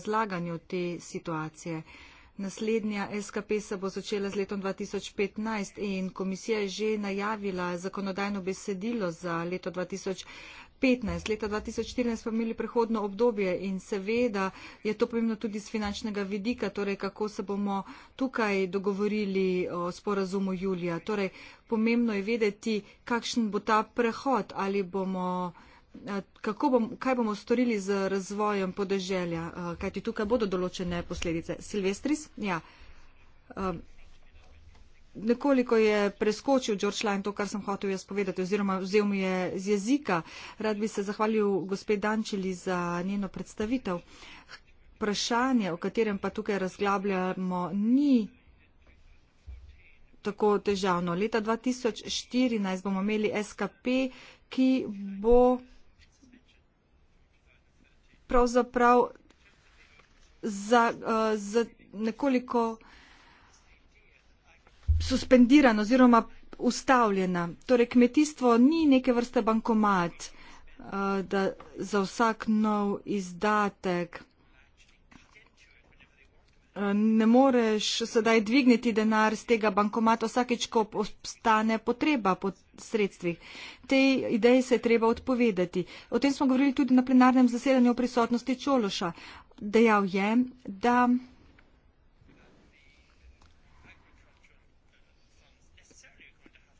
zlaganju te situacije. Naslednja SKP se bo začela z letom 2015 in komisija je že najavila zakonodajno besedilo za leto 2015. Leta 2014 smo imeli prehodno obdobje in seveda je to pomembno tudi z finančnega vidika, torej kako se bomo tukaj dogovorili o sporazumu Julija. Torej, pomembno je vedeti, kakšen bo ta prehod, ali bomo kako bom, kaj bomo storili z razvojem podeželja, kajti tukaj bodo določene posledice. Silvestris, ja. Um, nekoliko je preskočil George Line to, kar sem hotel jaz povedati, oziroma vzel mi je z jezika. Rad bi se zahvalil gospe Dančeli za njeno predstavitev. Vprašanje, o katerem pa tukaj razglabljamo, ni tako težavno. Leta 2014 bomo imeli SKP, ki bo pravzaprav za, uh, za nekoliko suspendiran oziroma ustavljena. Torej, kmetijstvo ni neke vrste bankomat uh, da, za vsak nov izdatek ne moreš sedaj dvigniti denar z tega bankomata vsakeč, ko postane potreba po sredstvih. Te ideje se je treba odpovedati. O tem smo govorili tudi na plenarnem zasedanju o prisotnosti Čološa. Dejal je, da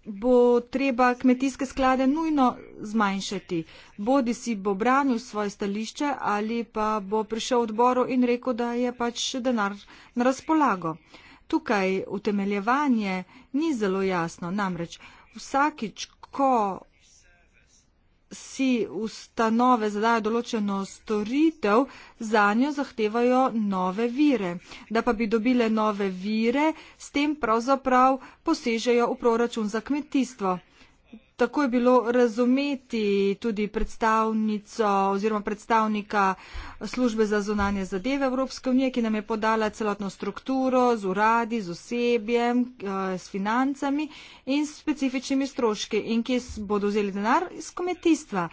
bo treba kmetijske sklade nujno zmanjšati. Bodi si bo branil svoje stališče ali pa bo prišel odboru in rekel, da je pač denar na razpolago. Tukaj utemeljevanje ni zelo jasno. Namreč vsakič, ko si ustanove zadajo določeno storitev, za njo zahtevajo nove vire. Da pa bi dobile nove vire, s tem pravzaprav posežejo v proračun za kmetijstvo. Tako je bilo razumeti tudi predstavnico oziroma predstavnika službe za zunanje zadeve Evropske unije, ki nam je podala celotno strukturo z uradi, z osebjem, eh, s financami in s specifičnimi stroški in ki bodo vzeli denar iz kometijstva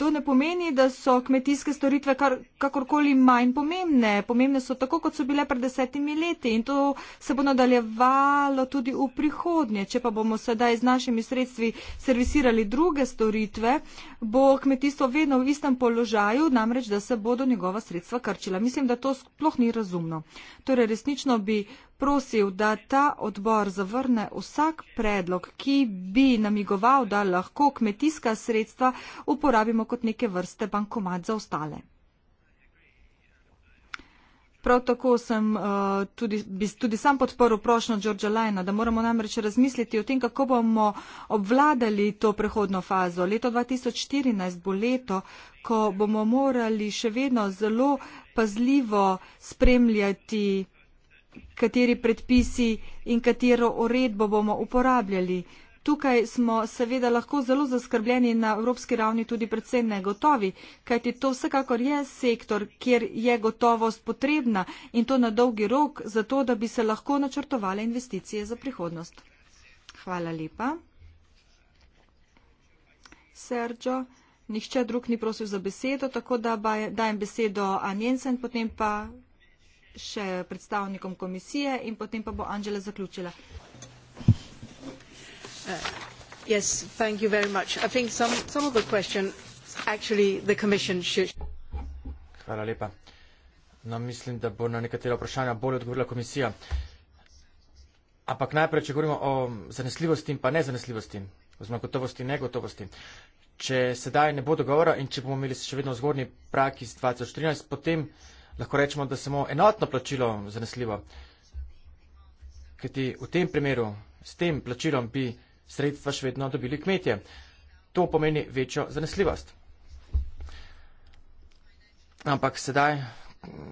to ne pomeni, da so kmetijske storitve kar, kakorkoli manj pomembne. Pomembne so tako, kot so bile pred desetimi leti in to se bo nadaljevalo tudi v prihodnje. Če pa bomo sedaj z našimi sredstvi servisirali druge storitve, bo kmetijstvo vedno v istem položaju, namreč, da se bodo njegova sredstva krčila. Mislim, da to sploh ni razumno. Torej, resnično bi prosil, da ta odbor zavrne vsak predlog, ki bi namigoval, da lahko kmetijska sredstva uporabimo kot neke vrste bankomat za ostale. Prav tako sem eh, tudi, bi tudi sam podporil prošnjo Đorđa Lajna, da moramo namreč razmisliti o tem, kako bomo obvladali to prehodno fazo. Leto 2014 bo leto, ko bomo morali še vedno zelo pazljivo spremljati, kateri predpisi in katero uredbo bomo uporabljali. Tukaj smo seveda lahko zelo zaskrbljeni na evropski ravni tudi predvsem negotovi, kajti to vsekakor je sektor, kjer je gotovost potrebna in to na dolgi rok, zato da bi se lahko načrtovale investicije za prihodnost. Hvala lepa. Sergio, nihče drug ni prosil za besedo, tako da dajem besedo Anjensen, potem pa še predstavnikom komisije in potem pa bo Anđela zaključila. Uh, yes, thank you very much. I think some, some of the questions actually the Commission should. Hvala lepa. No, mislim, da bo na nekatera vprašanja bolje odgovorila komisija. Ampak najprej, če govorimo o zanesljivosti in pa nezanesljivosti, oziroma gotovosti in negotovosti, če sedaj ne bo dogovora in če bomo imeli še vedno zgornji prak iz 2014, potem lahko rečemo, da samo enotno plačilo zanesljivo. Kajti v tem primeru, s tem plačilom bi sredstva še vedno dobili kmetje. To pomeni večjo zanesljivost. Ampak sedaj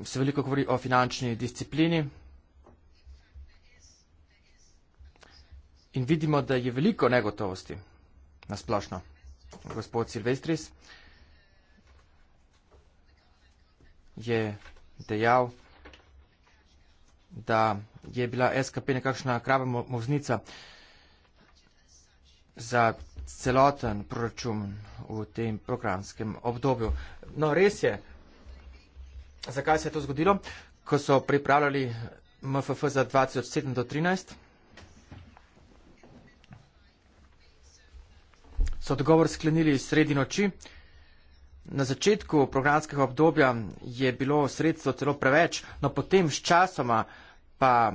se veliko govori o finančni disciplini in vidimo, da je veliko negotovosti na splošno. Gospod Silvestris je dejal, da je bila SKP nekakšna krava moznica. Mu za celoten proračun v tem programskem obdobju. No, res je, zakaj se je to zgodilo, ko so pripravljali MFF za 2007 do 2013. So dogovor sklenili sredi noči. Na začetku programskega obdobja je bilo sredstvo celo preveč, no potem s časoma pa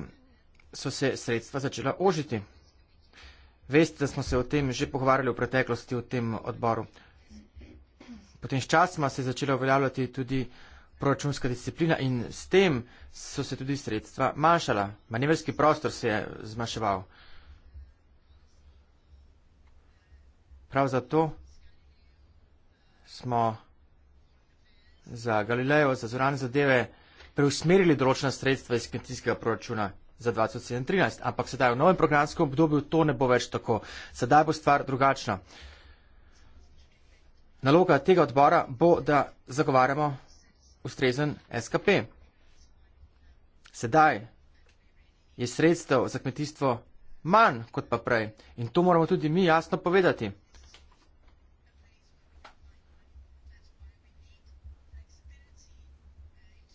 so se sredstva začela ožiti. Veste, da smo se o tem že pogovarjali v preteklosti v tem odboru. Potem s časoma se je začela uveljavljati tudi proračunska disciplina in s tem so se tudi sredstva manjšala. Manevrski prostor se je zmanjševal. Prav zato smo za Galilejo, za zoran zadeve preusmerili določena sredstva iz kmetijskega proračuna za 2013, ampak sedaj v novem programskem obdobju to ne bo več tako. Sedaj bo stvar drugačna. Naloga tega odbora bo, da zagovarjamo ustrezen SKP. Sedaj je sredstev za kmetijstvo manj kot pa prej in to moramo tudi mi jasno povedati.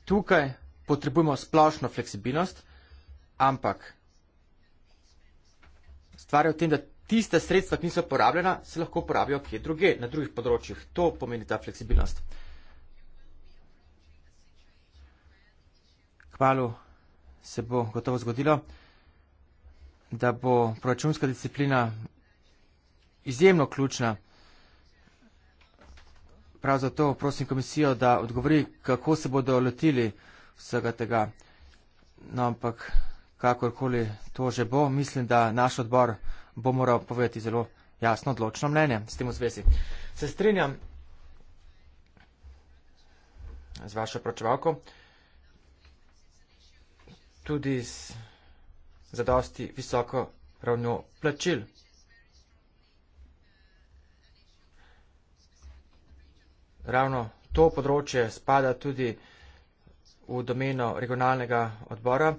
Tukaj potrebujemo splošno fleksibilnost, Ampak stvar je v tem, da tiste sredstva, ki niso porabljena, se lahko uporabijo kje druge, na drugih področjih. To pomeni ta fleksibilnost. Hvalu se bo gotovo zgodilo, da bo proračunska disciplina izjemno ključna. Prav zato prosim komisijo, da odgovori, kako se bodo letili vsega tega. No, ampak kakorkoli to že bo, mislim, da naš odbor bo moral povedati zelo jasno, odločno mnenje s tem v zvezi. Se strinjam z vašo pročevalko, tudi z zadosti visoko ravno plačil. Ravno to področje spada tudi v domeno regionalnega odbora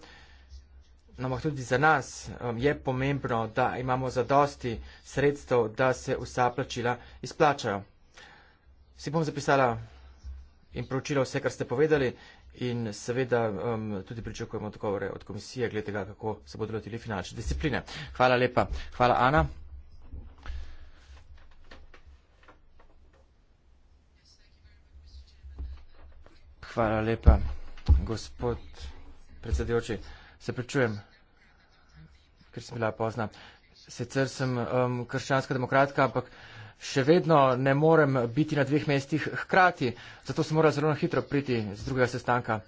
no, ampak tudi za nas um, je pomembno, da imamo zadosti sredstev, da se vsa plačila izplačajo. Si bom zapisala in pročila vse, kar ste povedali in seveda um, tudi pričakujemo odgovore od komisije, glede ga, kako se bodo lotili finančne discipline. Hvala lepa. Hvala, Ana. Hvala lepa, gospod predsedujoči. Se prečujem, ker sem bila pozna. Sicer sem um, krščanska demokratka, ampak še vedno ne morem biti na dveh mestih hkrati. Zato sem morala zelo hitro priti z drugega sestanka.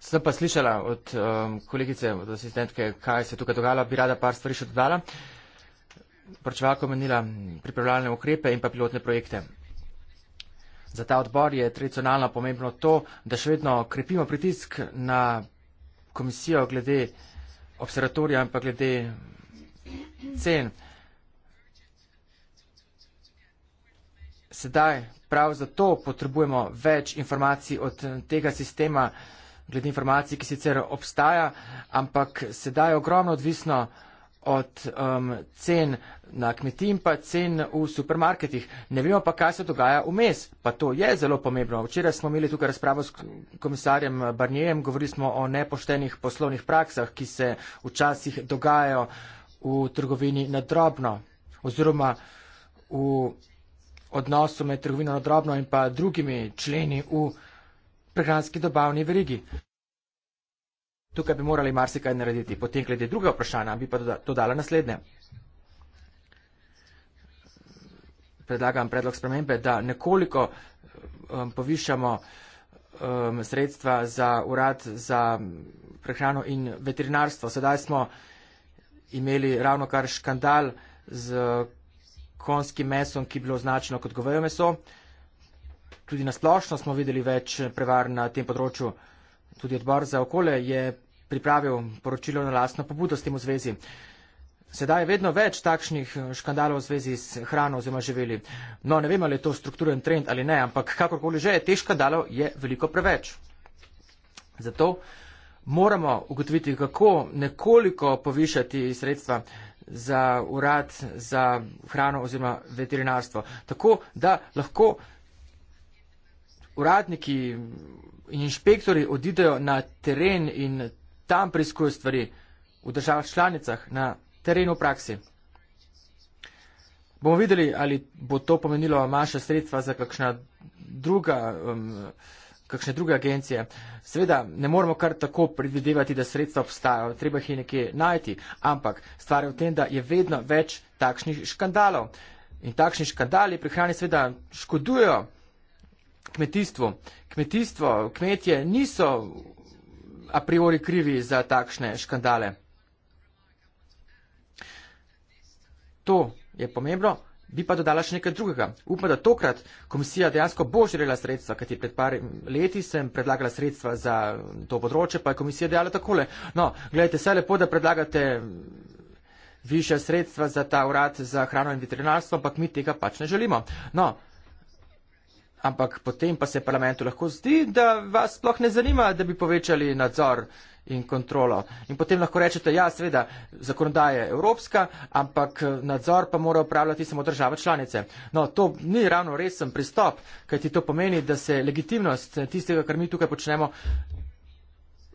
Sem pa slišala od um, kolegice, od asistentke, kaj se je tukaj dogajalo. Bi rada par stvari še dodala. Pročevalko menila pripravljalne ukrepe in pa pilotne projekte. Za ta odbor je tradicionalno pomembno to, da še vedno krepimo pritisk na komisijo glede observatorija in pa glede cen. Sedaj prav zato potrebujemo več informacij od tega sistema, glede informacij, ki sicer obstaja, ampak sedaj je ogromno odvisno od tega, od um, cen na kmetijim pa cen v supermarketih. Ne vemo pa, kaj se dogaja vmes, pa to je zelo pomembno. Včeraj smo imeli tukaj razpravo s komisarjem Barnijem, govorili smo o nepoštenih poslovnih praksah, ki se včasih dogajajo v trgovini nadrobno oziroma v odnosu med trgovino nadrobno in pa drugimi členi v prehranski dobavni verigi. Tukaj bi morali marsikaj narediti. Potem, glede druge vprašanja, bi pa to dala naslednje. Predlagam predlog spremembe, da nekoliko um, povišamo um, sredstva za urad za prehrano in veterinarstvo. Sedaj smo imeli ravno kar škandal z konskim mesom, ki je bilo označeno kot govejo meso. Tudi nasplošno smo videli več prevar na tem področju. Tudi odbor za okolje je pripravil poročilo na lastno pobudo s tem v zvezi. Sedaj je vedno več takšnih eh, škandalov v zvezi s hrano oziroma živeli. No, ne vem, ali je to strukturen trend ali ne, ampak kakorkoli že, teh škandalov je veliko preveč. Zato moramo ugotoviti, kako nekoliko povišati sredstva za urad za hrano oziroma veterinarstvo. Tako, da lahko uradniki in inšpektori odidejo na teren in tam preizkujejo stvari v državah članicah, na terenu v praksi. Bomo videli, ali bo to pomenilo manjša sredstva za kakšna druga, um, kakšne druge agencije. Seveda ne moremo kar tako predvidevati, da sredstva obstajajo, treba jih je nekje najti, ampak stvar je v tem, da je vedno več takšnih škandalov. In takšni škandali prihrani seveda škodujo kmetijstvu. Kmetijstvo, kmetje niso a priori krivi za takšne škandale. To je pomembno, bi pa dodala še nekaj drugega. Upam, da tokrat komisija dejansko bo želela sredstva, kajti pred par leti sem predlagala sredstva za to področje, pa je komisija dejala takole. No, gledajte, vse lepo, da predlagate više sredstva za ta urad za hrano in veterinarstvo, ampak mi tega pač ne želimo. No, Ampak potem pa se parlamentu lahko zdi, da vas sploh ne zanima, da bi povečali nadzor in kontrolo. In potem lahko rečete, ja, seveda, zakonodaja je evropska, ampak eh, nadzor pa mora upravljati samo država članice. No, to ni ravno resen pristop, kajti to pomeni, da se legitimnost eh, tistega, kar mi tukaj počnemo,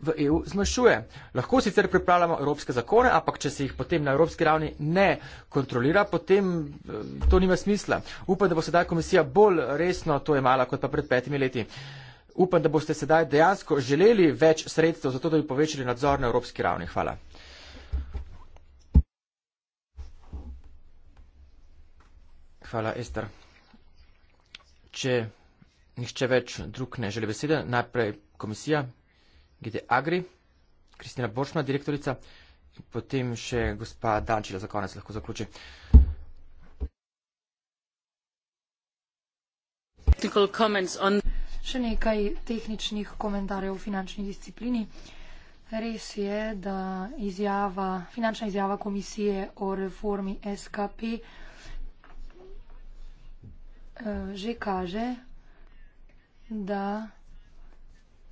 v EU zmanjšuje. Lahko sicer pripravljamo evropske zakone, ampak če se jih potem na evropski ravni ne kontrolira, potem eh, to nima smisla. Upam, da bo sedaj komisija bolj resno to imala kot pa pred petimi leti. Upam, da boste sedaj dejansko želeli več sredstev za to, da bi povečali nadzor na evropski ravni. Hvala. Hvala, Ester. Če nihče več drug ne želi besede, najprej komisija. GT Agri, Kristina Boršma, direktorica, in potem še gospa Dančila za konec lahko zaključi. Še nekaj tehničnih komentarjev o finančni disciplini. Res je, da izjava, finančna izjava komisije o reformi SKP eh, že kaže, da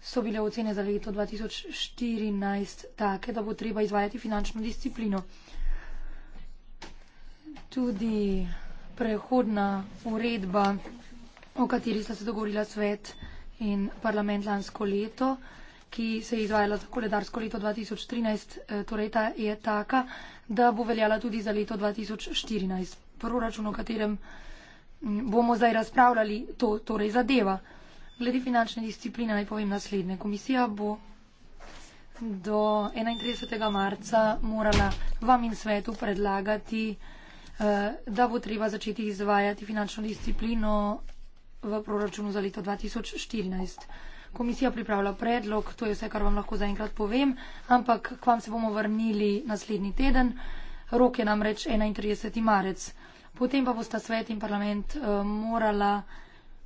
so bile ocene za leto 2014 take, da bo treba izvajati finančno disciplino. Tudi prehodna uredba, o kateri sta se dogovorila svet in parlament lansko leto, ki se je izvajala za koledarsko leto 2013, eh, torej ta je taka, da bo veljala tudi za leto 2014. Proračun, o katerem mm, bomo zdaj razpravljali, to torej zadeva. Glede finančne discipline naj povem naslednje. Komisija bo do 31. marca morala vam in svetu predlagati, eh, da bo treba začeti izvajati finančno disciplino v proračunu za leto 2014. Komisija pripravlja predlog, to je vse, kar vam lahko zaenkrat povem, ampak k vam se bomo vrnili naslednji teden. Rok je namreč 31. marec. Potem pa bosta svet in parlament eh, morala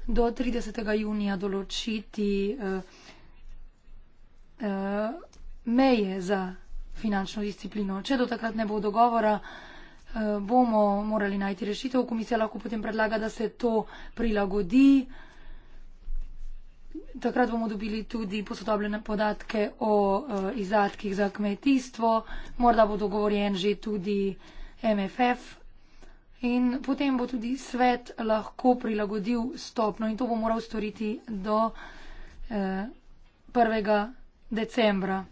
do 30. junija določiti uh, uh, meje za finančno disciplino. Če do takrat ne bo dogovora, uh, bomo morali najti rešitev. Komisija lahko potem predlaga, da se to prilagodi. Takrat bomo dobili tudi posodobljene podatke o uh, izdatkih za kmetijstvo. Morda bo dogovorjen že tudi MFF. In potem bo tudi svet lahko prilagodil stopno in to bo moral storiti do eh, 1. decembra.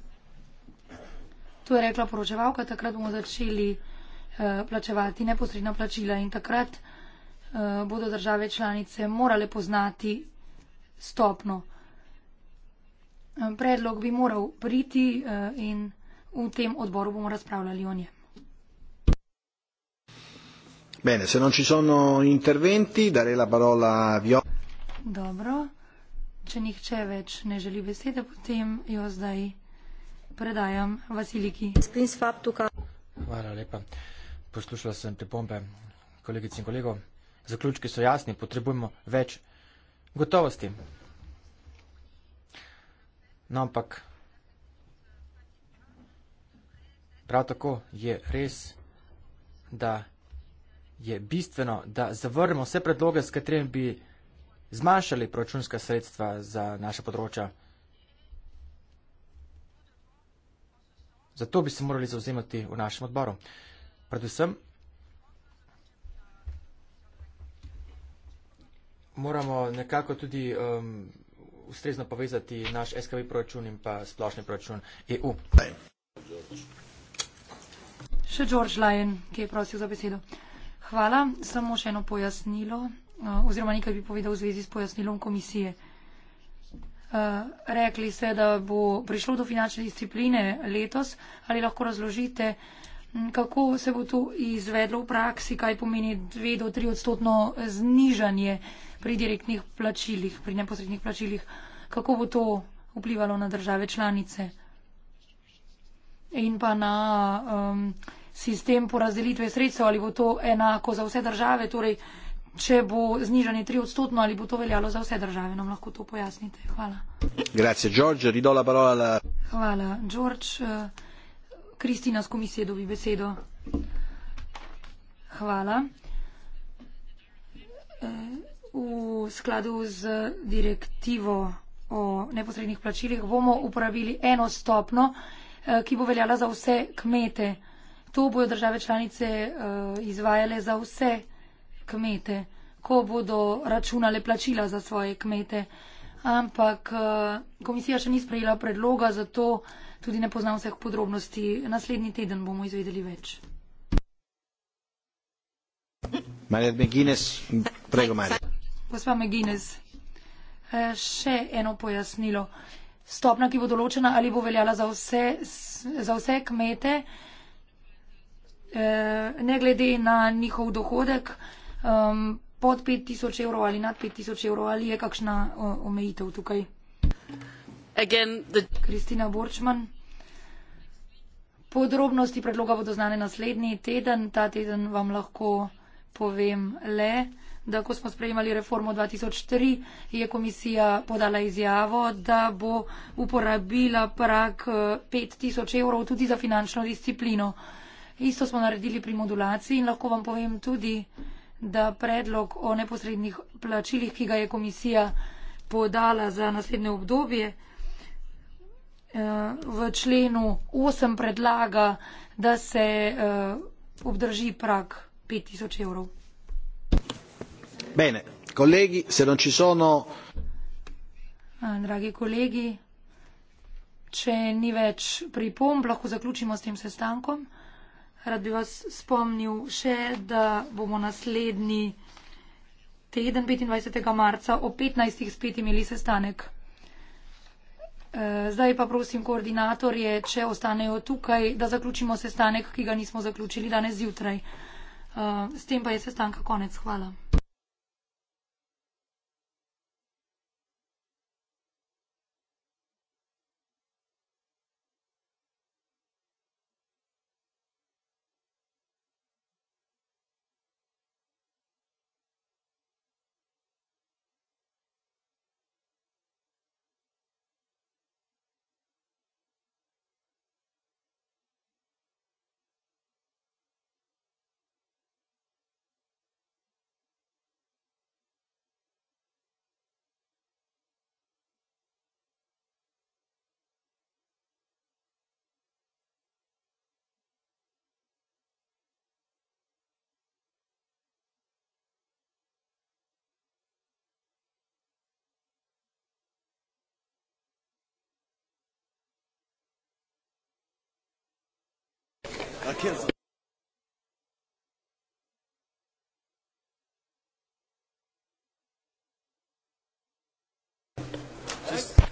To je rekla poročevalka, takrat bomo začeli eh, plačevati neposredna plačila in takrat eh, bodo države članice morale poznati stopno. Eh, predlog bi moral priti eh, in v tem odboru bomo razpravljali o njem. Bene, se non ci sono interventi, darei la parola a Vio. Dobro. Če nihče več ne želi besede, potem jo zdaj predajam Vasiliki. Hvala lepa. Poslušala sem te pompe, kolegici in kolego. Zaključki so jasni, potrebujemo več gotovosti. No, ampak prav tako je res, da je bistveno, da zavrnemo vse predloge, s katerimi bi zmanjšali proračunska sredstva za naša področja. Zato bi se morali zauzemati v našem odboru. Predvsem moramo nekako tudi um, ustrezno povezati naš SKV proračun in pa splošni proračun EU. Še George Lyon, ki je prosil za besedo. Hvala. Samo še eno pojasnilo eh, oziroma nekaj bi povedal v zvezi s pojasnilom komisije. Eh, rekli ste, da bo prišlo do finančne discipline letos. Ali lahko razložite, kako se bo to izvedlo v praksi, kaj pomeni 2 do 3 odstotno znižanje pri direktnih plačilih, pri neposrednih plačilih. Kako bo to vplivalo na države članice in pa na. Um, sistem porazdelitve sredstev, ali bo to enako za vse države, torej, če bo znižanje tri odstotno, ali bo to veljalo za vse države. Nam lahko to pojasnite. Hvala. Grazie, George. Ridola parola. Hvala, George. Eh, Kristina z komisije dobi besedo. Hvala. Eh, v skladu z direktivo o neposrednih plačilih bomo uporabili eno stopno, eh, ki bo veljala za vse kmete. To bojo države članice uh, izvajale za vse kmete, ko bodo računale plačila za svoje kmete. Ampak uh, komisija še ni sprejela predloga, zato tudi ne poznam vseh podrobnosti. Naslednji teden bomo izvedeli več. Gospa Megines, eh, še eno pojasnilo. Stopna, ki bo določena ali bo veljala za vse, za vse kmete, uh, Eh, ne glede na njihov dohodek, um, pod 5000 evrov ali nad 5000 evrov, ali je kakšna uh, omejitev tukaj? Kristina the... Borčman. Podrobnosti predloga bodo znane naslednji teden. Ta teden vam lahko povem le, da ko smo sprejemali reformo 2003, je komisija podala izjavo, da bo uporabila prak 5000 eh, evrov tudi za finančno disciplino. Uh, Isto smo naredili pri modulaciji in lahko vam povem tudi, da predlog o neposrednih plačilih, ki ga je komisija podala za naslednje obdobje, eh, v členu 8 predlaga, da se eh, obdrži prak 5000 evrov. Bene, kolegi, se non ci sono. Dragi kolegi, če ni več pripomb, lahko zaključimo s tem sestankom. Rad bi vas spomnil še, da bomo naslednji teden, 25. marca, o 15. spet imeli sestanek. Eh, zdaj pa prosim koordinatorje, če ostanejo tukaj, da zaključimo sestanek, ki ga nismo zaključili danes zjutraj. Eh, s tem pa je sestanka konec. Hvala. catechism.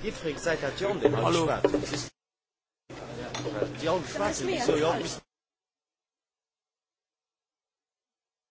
Die Frage seit der Jörn, der Jörn Schwarz. Jörn Schwarz, wieso Jörn